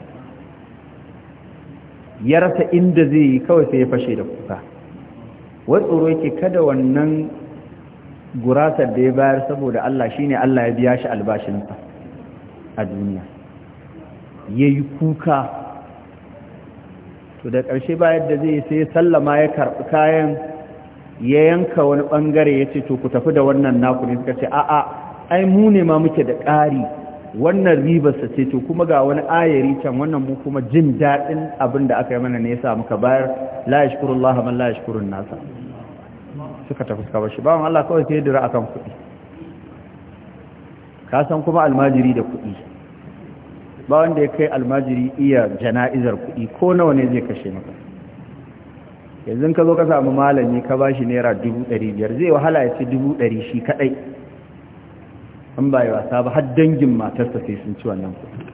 ya rasa inda zai yi kawai sai ya fashe da kuka wani tsoro yake kada wannan gurasar da ya bayar saboda Allah shine Allah ya biya shi albashinsa a duniya ya yi kuka to da ƙarshe bayan da zai sai sallama ya karɓi kayan ya yanka wani bangare ya ce to ku tafi da wannan naku ne suka ce a'a ai mu ne ma muke da ƙari wannan ribarsa ce to kuma ga wani ayari can wannan mu kuma jin daɗin abin da aka yi mana ne ya sa muka bayar la yashkurullah man la yashkurun nasa suka tafi suka bashi bawan Allah kawai sai dira akan kuɗi ka san kuma almajiri da kuɗi ba wanda ya kai almajiri iya jana'izar kuɗi ko nawa ne zai kashe maka yanzu ka zo ka samu malami ka ba shi naira dubu ɗari biyar zai wahala ya ci dubu ɗari shi kaɗai an ba yi wasa ba har dangin matarsa sai sun ci wannan kuɗin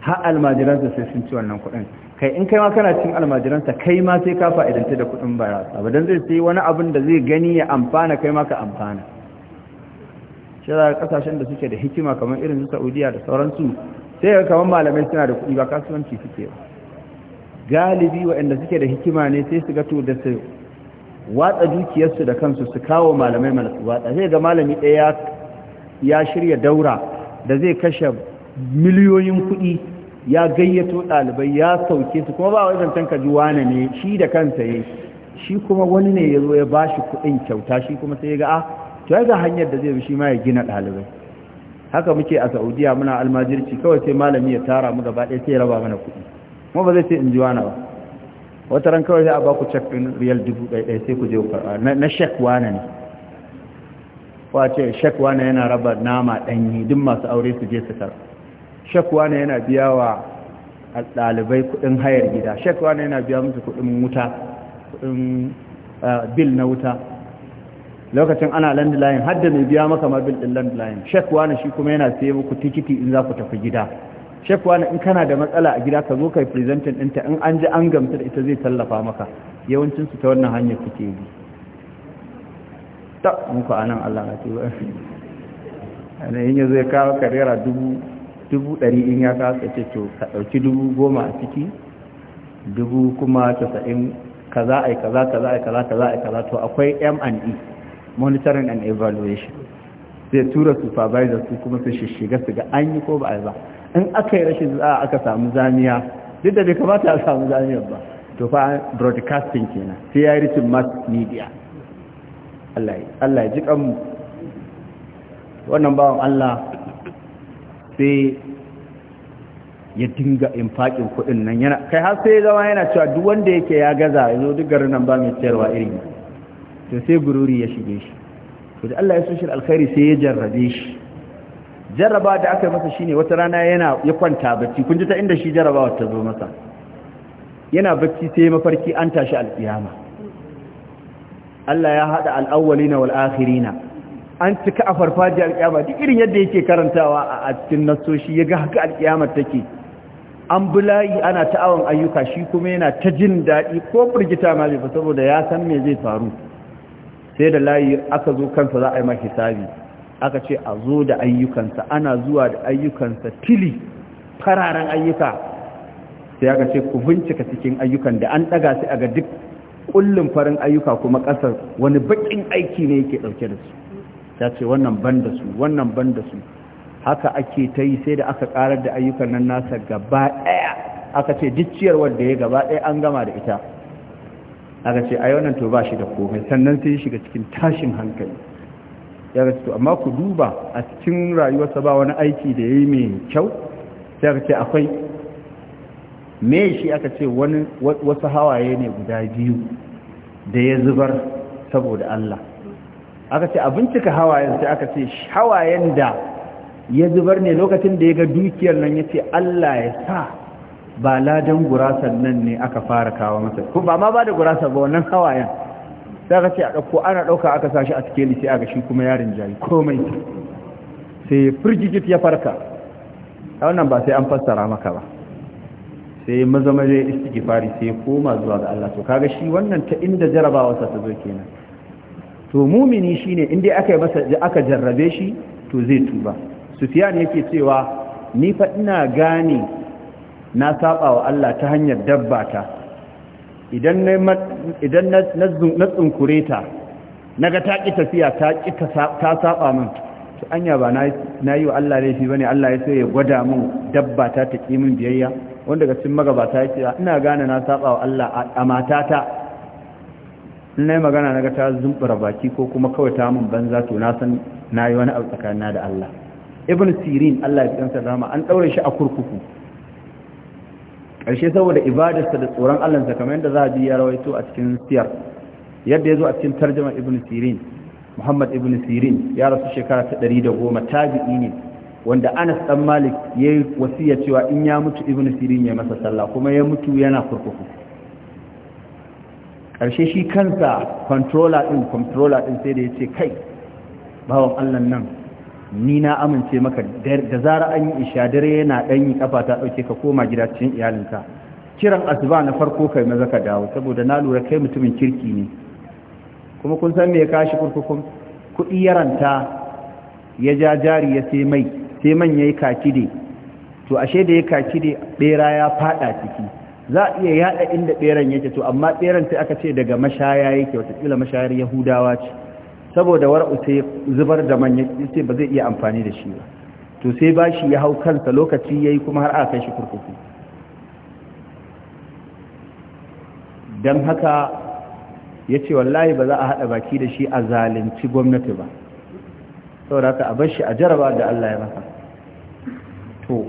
har almajiransa sai sun ci wannan kuɗin kai in kai ma kana cin almajiransa kai ma sai ka fa'idanta da kuɗin ba wasa ba don zai sai wani abin da zai gani ya amfana kai ma ka amfana shi da kasashen da suke da hikima kamar irin su saudiya da sauransu sai ga kamar malamai suna da kuɗi ba kasuwanci suke ba galibi waɗanda suke da hikima ne sai su gato da su watsa dukiyarsu da kansu su kawo malamai malasu watsa zai ga malami ɗaya ya shirya daura da zai kashe miliyoyin kuɗi ya gayyato ɗalibai ya sauke su kuma ba wajen tanka ji wane ne shi da kansa ya shi kuma wani ne ya zo ya ba shi kuɗin kyauta shi kuma sai ya ga a ah, to ya ga hanyar da zai bi shi ma ya gina ɗalibai haka muke a saudiya muna almajirci kawai sai malami ya tara mu gaba ɗaya sai ya raba mana kuɗi kuma ba zai ce in ji wani ba wata ran kawai za a baku cek ɗin riyal dubu ɗaiɗai sai ku je na shek wani ne kwa ce shek wani yana raba nama ɗanyi duk masu aure su je su tara shek wani yana biya wa ɗalibai kuɗin hayar gida shek wani yana biya musu kuɗin wuta kuɗin eh, bil na wuta lokacin ana landline da mai biya maka ma bil ɗin landline shek wani shi kuma yana sayo muku tikiti in za ku tafi gida shekwa in kana da matsala a gida ka zo kai presenting ɗinta in an ji an gamsu da ita zai tallafa maka yawancin su ta wannan hanyar suke bi ta muku anan Allah na ce ba ana yin zai kawo karera dubu dubu ɗari in ya kawo ce to ka ɗauki dubu goma a ciki dubu kuma tasa'in kaza ai kaza kaza ai kaza kaza ai kaza to akwai M&E monitoring and evaluation zai tura supervisor su kuma su shishiga su ga an yi ko ba a yi ba in aka yi rashin za aka samu zamiya duk da bai kamata a samu zaniyar ba to fa broadcasting kenan sai ya yi rikin mass media Allah ya ji kan wannan bawan Allah sai ya dinga infakin kudin nan yana kai har sai zama yana cewa duk wanda yake ya gaza ya zo duk garin nan ba mai cewa irin to sai gururi ya shige shi to da Allah ya so shi alkhairi sai ya jarrabe shi Jaraba da aka yi masa shine wata rana yana ya kwanta bacci kun ji ta inda shi jarrabawa ta zo masa yana bacci sai mafarki an tashi alkiyama Allah ya hada al-awwalina wal-akhirina an cika a farfajiyar alkiyama duk irin yadda yake karantawa a cikin nasoshi yaga haka alkiyamar take an bulayi ana ta'awon ayyuka shi kuma yana ta jin daɗi ko firgita ma bai saboda ya san me zai faru sai da layi aka zo kansa za a yi ma hisabi aka ce a zo da ayyukansa ana zuwa da ayyukansa tili fararen ayyuka sai aka ce ku bincika cikin ayyukan da an ɗaga sai aga duk kullum farin ayyuka kuma ƙasar wani baƙin aiki ne yake ɗauke da su ta ce wannan ban da su wannan ban da su haka ake ta yi sai da aka ƙarar da ayyukan nan nasa gaba ɗaya aka ce dicciyar wanda ya gaba ɗaya an gama da ita aka ce ai wannan to ba shi da komai sannan sai ya shiga cikin tashin hankali ya ga amma ku duba a cikin rayuwarsa ba wani aiki da yayi mai kyau sai ka ce akwai me shi aka ce wani wasu hawaye ne guda biyu da ya zubar saboda Allah aka ce a ka hawayen sai aka ce hawayen da ya zubar ne lokacin da ya ga dukiyar nan ya ce Allah ya sa ba ladan gurasan nan ne aka fara kawo masa ko ba ma ba da gurasa ba wannan hawayen sai ka ce a ɗauko ana ɗauka aka sa shi a cikin liti aka shi kuma yarin jayi komai sai firgigit ya farka a wannan ba sai an fassara maka ba sai maza maza ya istighfari sai ya koma zuwa ga Allah to kaga shi wannan ta inda jarabawa sa ta zo kenan to mumini shine in dai aka yi masa aka jarrabe shi to zai tuba sufyan yake cewa ni fa ina gane na saba wa Allah ta hanyar dabba ta idan na tsunkure ta na ga ta ƙi tafiya ta saba min to anya ba na yi wa Allah laifi ba ne Allah ya so ya gwada min dabba ta ta ƙi min biyayya wanda ga cin magabata ya ce ina gane na saba wa Allah a matata na yi magana na ga ta zumbura baki ko kuma kawai ta min banza to na san na yi wani abu tsakanina da Allah ibn sirin Allah ya fi ɗansa rama an ɗaure shi a kurkuku Karshe saboda ibadarsa da tsoron Allahnsa kamar yadda za a ji ya rawaito a cikin siyar yadda ya zo a cikin tarjama ibn sirin muhammad ibn sirin ya rasu shekara ta ɗari da goma tabi'i ne wanda anas Dan malik ya yi wasiya cewa in ya mutu ibn sirin ya masa sallah kuma ya mutu yana kurkuku Karshe shi kansa controller din, controller din sai da ya ce kai bawan allah nan ni na amince maka da zara an yi isha dare yana ɗan yi kafa ta ɗauke ka koma gida cikin iyalinka kiran asuba na farko kai maza ka dawo saboda na lura kai mutumin kirki ne kuma kun san me ya kashi kurkukun kuɗi ya ranta ya ja jari ya sai mai sai man ya yi kakide to ashe da ya kakide ɓera ya faɗa ciki za a iya yada inda ɓeran yake to amma ɓeran sai aka ce daga mashaya yake wata kila mashayar yahudawa ce saboda wara'u sai zubar da manyan sai ba zai iya amfani da shi ba to sai bashi ya hau kansa lokaci yayi kuma har aka kai shi kurkuku dan haka yace wallahi ba za a hada baki da shi a zalunci gwamnati ba saboda haka a bar shi a jaraba da Allah ya masa to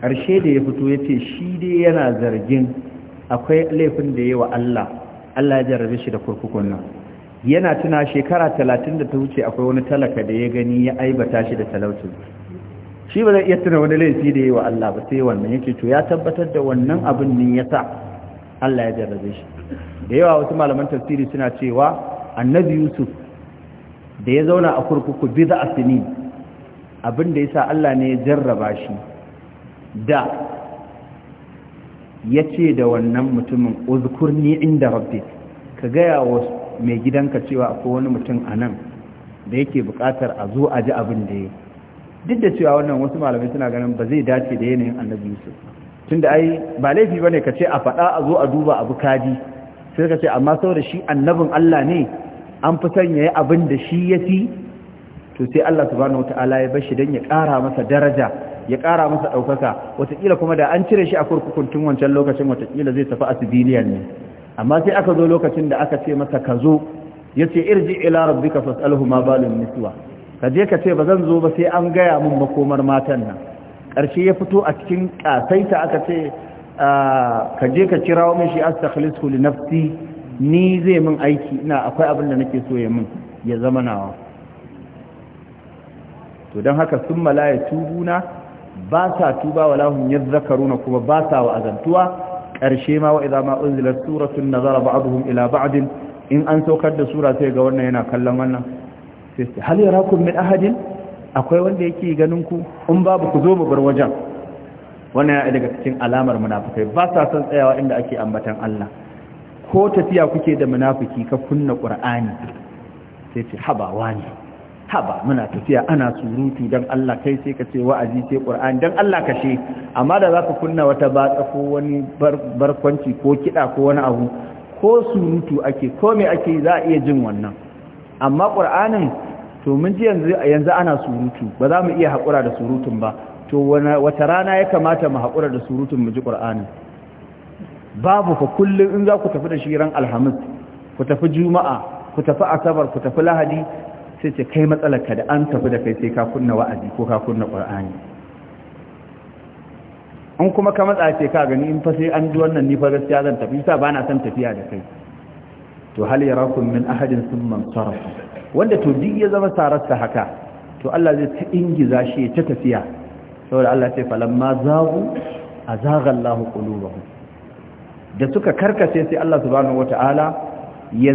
ƙarshe da ya fito ya ce shi dai yana zargin akwai laifin da yayi wa Allah Allah ya jarrabe shi da kurkukun nan yana tuna shekara talatin da ta wuce akwai wani talaka da ya gani ya aibata shi da talautin, shi ba zai iya tuna wani laifi da yi wa Allah ba sai wannan yake to ya tabbatar da wannan abin ne ya sa Allah ya jarrabe shi da yawa wasu malaman tafsiri suna cewa annabi yusuf da ya zauna a kurkuku biza asini, sini abin da ya sa Allah ne ya jarraba shi da ya ce da wannan mutumin uzkurni inda rabbi ka gaya wa mai gidanka cewa akwai wani mutum a nan da yake buƙatar a zo a ji abin da ya duk da cewa wannan wasu malamai suna ganin ba zai dace da yanayin annabi yusuf tun da ai ba laifi ba ne ka ce a faɗa a zo a duba abu kaji sai ka ce amma saboda shi annabin allah ne an fi son ya yi abin da shi ya fi to sai allah subhanahu wataala ya shi don ya ƙara masa daraja ya ƙara masa ɗaukaka wataƙila kuma da an cire shi a kurkukun tun wancan lokacin wataƙila zai tafi a civilian ne amma sai aka zo lokacin da aka ce masa ka zo ya ce irji ila rabbika fas'alhu ma balun nisuwa ka je ka ce ba zan zo ba sai an gaya min makomar matan nan ƙarshe ya fito a cikin ƙasaita aka ce ka je ka kira min shi astakhlisu li nafsi ni zai min aiki ina akwai abin da nake so ya min ya zama nawa to don haka sun malaya tubuna ba sa tuba walahum hum kuma ba sa wa azantuwa ƙarshe ma wa idan ma unzilat suratun nazara ba'dhum ila ba'din in an saukar da sura sai ga wannan yana kallon wannan sai hal yarakum min ahadin akwai wanda yake ganin ku in babu ku zo mu bar wajen wannan ya daga cikin alamar munafukai, ba sa son tsayawa inda ake ambatan Allah ko tafiya kuke da munafiki ka kunna qur'ani sai ce haba wani haba muna tafiya ana surutu don Allah kai sai ka ce wa'azi sai ƙur'an don Allah ka she amma da za ka kunna wata batsa ko wani barkwanci ko kiɗa ko wani abu ko surutu ake ko me ake za a iya jin wannan amma ƙur'anin to mun ji yanzu ana surutu ba za mu iya haƙura da surutun ba to wata rana ya kamata mu haƙura da surutun mu ji ƙur'anin babu fa kullum in za ku tafi da shi alhamis ku tafi juma'a ku tafi asabar ku tafi lahadi sai ce kai matsalarka da an tafi da kai sai ka kunna wa'azi ko ka kunna ƙwar'ani an kuma ka matsa ce ka gani in fa sai an ji wannan ni fa gaskiya zan tafi sa bana san son tafiya da kai to hal yarakum min ahadin thumma sarafu wanda to duk ya zama sararsa haka to Allah zai ta ingiza shi ta tafiya saboda Allah sai falamma zagu azagha Allah kulubahu da suka karkace sai Allah subhanahu wataala ya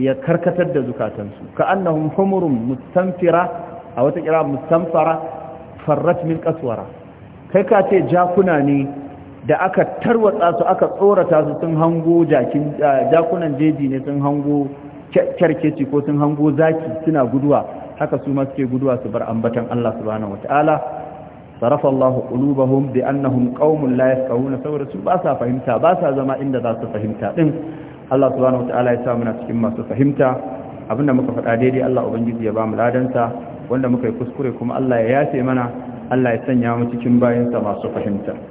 ya karkatar da zukatansu ka annahum humurun mustanfira a wata kira mustanfara farrat min kaswara kai ka ce jakuna ne da aka tarwatsa su aka tsorata su sun hango jakin jakunan jeji ne sun hango kyarkeci ko sun hango zaki suna guduwa haka su ma suke guduwa su bar ambatan Allah subhanahu wataala sarafa Allah qulubahum bi annahum qaumun la yafqahuna saboda su ba sa fahimta ba sa zama inda za su fahimta din Allah subhanahu ta'ala ya sa muna cikin masu fahimta abinda muka faɗa daidai Allah ubangiji ya ba mu ladansa wanda muka yi kuskure kuma Allah ya yafe mana Allah ya sanya mu cikin bayansa masu fahimta